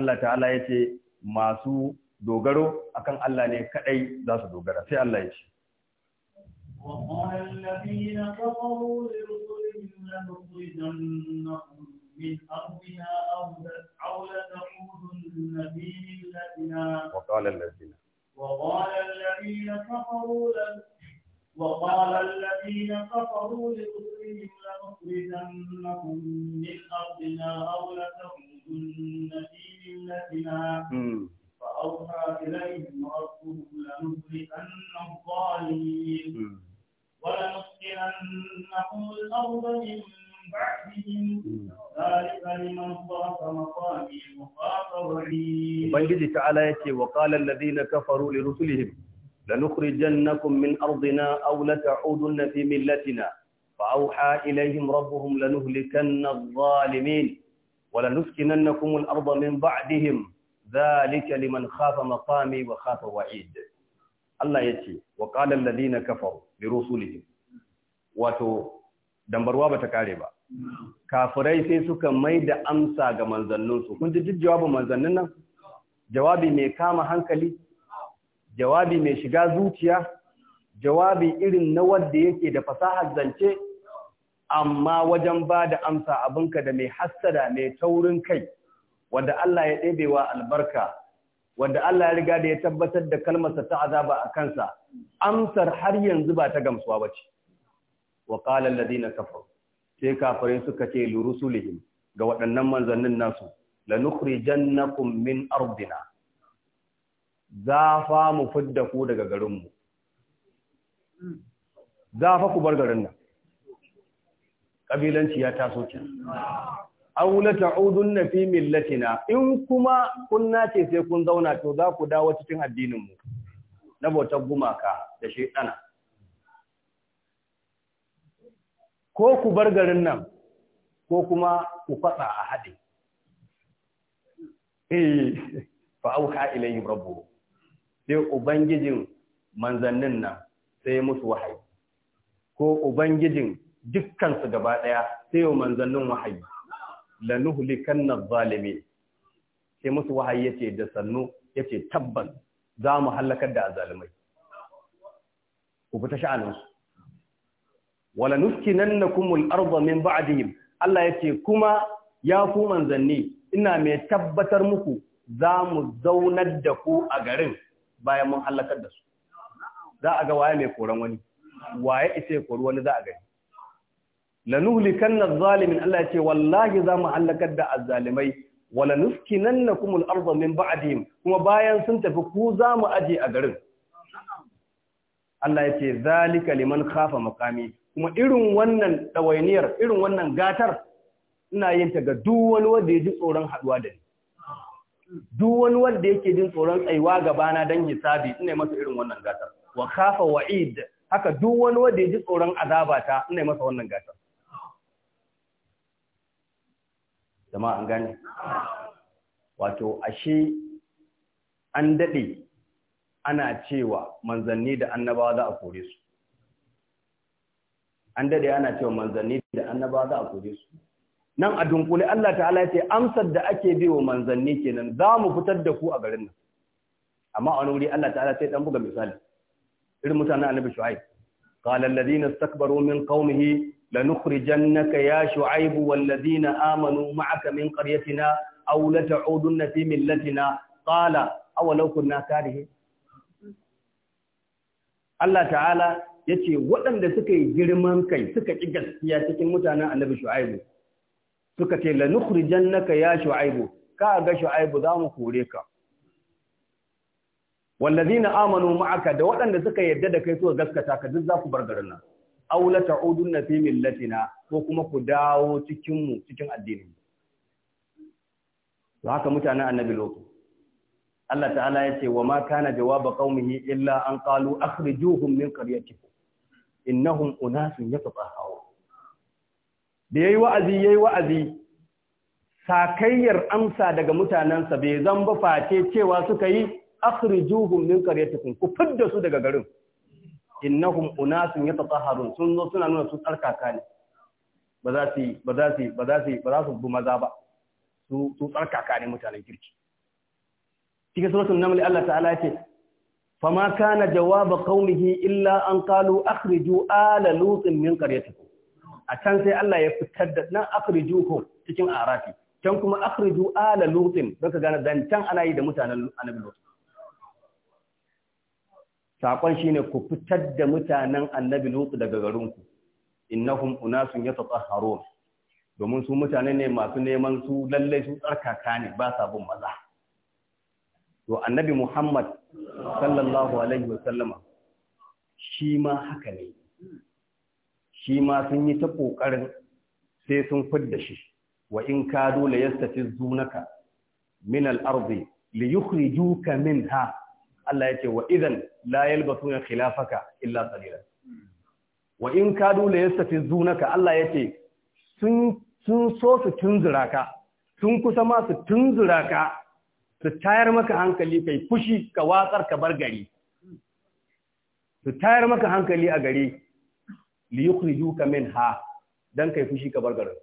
Speaker 3: Allah ta'ala yace masu dogaro akan Allah ne kadai za su dogara sai Allah ya ce
Speaker 2: وقال الذين كفروا لرسلهم لنخرجنكم من أرضنا أو لتعودن في ملتنا
Speaker 1: وقال الذين
Speaker 2: وقال الذين كفروا وقال الذين كفروا لرسلهم لنخرجنكم من أرضنا أو لتعودن في ملتنا فأوحى إليهم ربهم لنهلكن الظالمين ولنسكننكم الأرض من بعدهم ذلك لمن خاف مقامي وخاف
Speaker 3: وعيد وبنجد تعالى يتي وقال الذين كفروا لرسلهم لنخرجنكم من أرضنا أو لتعودن في ملتنا فأوحى إليهم ربهم لنهلكن الظالمين ولنسكننكم الأرض من بعدهم zalika liman khafa maqami wa khafa wa'id Allah yace wa qala alladhina kafaru li rusulihim wato bata kare ba kafirai sai suka mai da amsa ga manzanninsu kun ji duk jawabin manzannin nan jawabi mai kama hankali jawabi mai shiga zuciya jawabi irin na wanda yake da fasahar zance amma wajen ba da amsa abinka da mai hassada mai taurin kai wanda Allah ya ɗebewa albarka wanda Allah ya riga da ya tabbatar da kalmarsa ta azaba a kansa amsar har yanzu ba ta gamsuwa ba ce wa qala alladhina kafaru sai kafirai suka ce luru rusulihim ga waɗannan manzannin nasu lanukhrijannakum min ardina za fa mu fidda ku daga garinmu za fa ku bar garin nan kabilanci ya taso kin aw la na fi millatina in kuma kun nace sai kun zauna to za ku dawo cikin addinin na bautar gumaka da ɗana, ko ku bar garin nan ko kuma ku fasa a hade a eh, fa ilai yi rabbuhum sai ubangijin manzannin nan sai musu wahayi ko ubangijin dukkan su gaba ɗaya sai manzannin wahayi lanuhlikanna zalimi sai musu wahayi yace da sannu yace tabbas za mu halakar da azalimai ku fita sha'anin su wala nuskinannakumul arda min ba'dihim Allah yace kuma ya ku manzanni ina mai tabbatar muku za mu zaunar da ku a garin bayan mun halakar da su za a ga waye mai koran wani waye ita ya kori wani za a gani lanuhlikanna adh-dhalimin Allah ya ce wallahi za mu halakar da azzalimai wala nuskinannakum al-ardha min ba'dihim kuma bayan sun tafi ku za mu aje a garin Allah ya ce zalika liman khafa maqami kuma irin wannan dawainiyar irin wannan gatar ina yin ta ga duk wani wanda ya ji tsoron haduwa da ni duk wani wanda yake jin tsoron tsayuwa gabana don hisabi ina yi masa irin wannan gatar wa kafa wa'id haka duk wani wanda ya ji tsoron azabata ina yi masa wannan gatar jama'a an gane wato ashe an dade ana cewa manzanni da annabawa za a kore su an dade ana cewa manzanni da annabawa za a kore su nan a dunkule Allah ta'ala ya ce amsar da ake bi wa manzanni kenan za mu fitar da ku a garin nan amma a wuri Allah ta'ala sai dan buga misali irin mutanen annabi shu'aib qala alladhina istakbaru min qaumihi لنخرجنك يا شعيب والذين آمنوا معك من قريتنا أو لتعودن في ملتنا قال أولو كنا كارهين Allah ta'ala ya ce waɗanda suka yi girman kai suka ƙi gaskiya cikin mutanen annabi shu'aibu suka ce la nukhrijannaka naka ya shu'aibu ka ga shu'aibu za mu kore ka wallazina amanu ma'aka da waɗanda suka yarda da kai suka gaskata ka duk za ku bar garin nan aulata udun na fi millatina ko kuma ku dawo cikin mu cikin addini. to haka mutanen annabi loko Allah ta'ala ya ce wa ma kana jawaba qaumihi illa an qalu akhrijuhum min qaryatikum innahum unasun yatafahaw da yayi wa'azi yayi wa'azi sakayyar amsa daga sa bai zan ba face cewa suka yi akhrijuhum min qaryatikum ku fidda su daga garin innahum unasun yatatahharun sun zo suna nuna su tsarkaka ne ba za su ba za su ba za su ba za su bu maza ba su su tsarkaka ne mutanen kirki cikin suratul naml Allah ta'ala ya ce fama kana jawaba qaumihi illa an qalu akhriju ala lutin min qaryatikum a can sai Allah ya fitar da nan akhrijuhum cikin arafi can kuma akhriju ala lutin don ka gane dan can ana yi da mutanen annabi lutin saƙon shine ku fitar da mutanen annabi lutu daga garinku innahum unasun yatatahharun domin su mutane ne masu neman su lallai su tsarkaka ne ba sa bin maza to annabi muhammad sallallahu alaihi wasallama shi ma haka ne shi ma sun yi ta ƙoƙarin sai sun fidda shi wa in kadu la zunaka. min al-ardi li yukhrijuka minha Allah ya ce wa idan la yalbasuna khilafaka illa qalila wa in kadu la yastafizunaka Allah ya ce sun sun so su tunzura ka sun kusa ma su tunzura ka su tayar maka hankali kai fushi ka watsar ka bar gari su tayar maka hankali a gari li min ha don kai fushi ka bar gari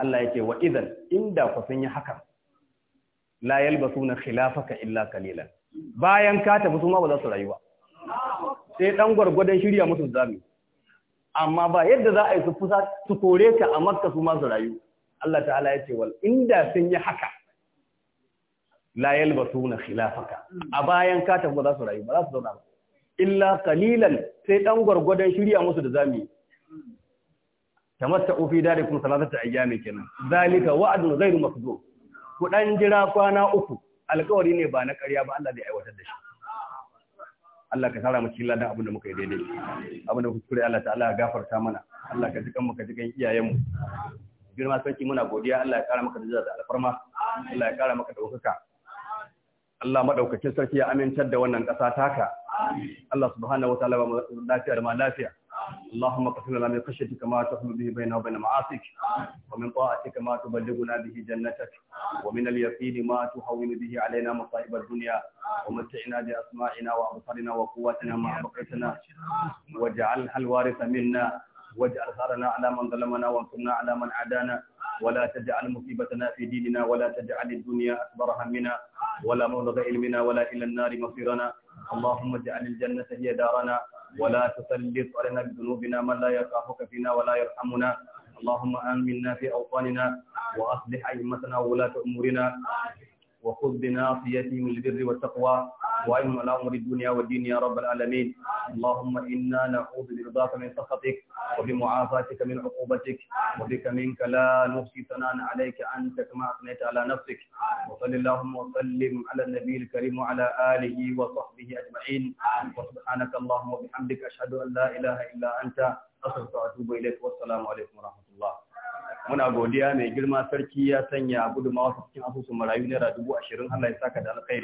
Speaker 3: Allah yake wa idan inda ku sun yi haka la yalbasuna khilafaka illa qalilan bayan ka tafi su ma ba za su rayu ba sai dan gwargwadon shirya musu zami amma ba yadda za a yi su fusa su kore ka a makka su ma su rayu Allah ta'ala ya ce wal inda sun yi haka la yalbasuna khilafaka a bayan ka tafi ba za su rayu ba za su zauna ba illa qalilan sai dan gwargwadon shirya musu da zami tamatta'u fi darikum salatata ayyamin kenan zalika wa'dun ghairu makdud ku dan jira kwana uku alkawari ne ba na ƙarya ba Allah zai aiwatar da shi Allah ka tsara mu cikin ladan abin da muka yi daidai abin da muka kure Allah ta'ala ya gafarta mana Allah ka jikan mu ka jikan iyayen mu girma sarki muna godiya Allah ya kara maka da da alfarma Allah ya kara maka daukaka Allah madaukakin sarki ya amintar da wannan ƙasa taka Allah subhanahu wataala ba mu lafiya da ma lafiya اللهم اقسم لنا من خشيتك ما تحول به بيننا وبين معاصيك ومن طاعتك ما تبلغنا به جنتك ومن اليقين ما تهون به علينا مصائب الدنيا ومتعنا بأسماعنا وأبصارنا وقواتنا مع بقيتنا واجعلها الوارث منا واجعل ثارنا على من ظلمنا وانصرنا على من عادانا ولا تجعل مصيبتنا في ديننا ولا تجعل الدنيا أكبر همنا ولا مبلغ علمنا ولا إلى النار مصيرنا اللهم اجعل الجنة هي دارنا ولا تسلط علينا بذنوبنا من لا يخافك فينا ولا يرحمنا اللهم آمنا في أوطاننا وأصلح أئمتنا وولاة أمورنا وخذ بناصيتهم للبر والتقوى وعلم على امر الدنيا والدين يا رب العالمين اللهم انا نعوذ برضاك من سخطك وبمعافاتك من عقوبتك وبك منك لا نحصي ثناء عليك انت كما اثنيت على نفسك وصل اللهم وسلم على النبي الكريم وعلى اله وصحبه اجمعين وسبحانك اللهم وبحمدك اشهد ان لا اله الا انت استغفرك واتوب اليك والسلام عليكم ورحمه الله
Speaker 2: muna godiya
Speaker 3: mai girma sarki ya sanya gudunmawa a cikin asusun marayu naira dubu ashirin Allah ya saka da alkhairi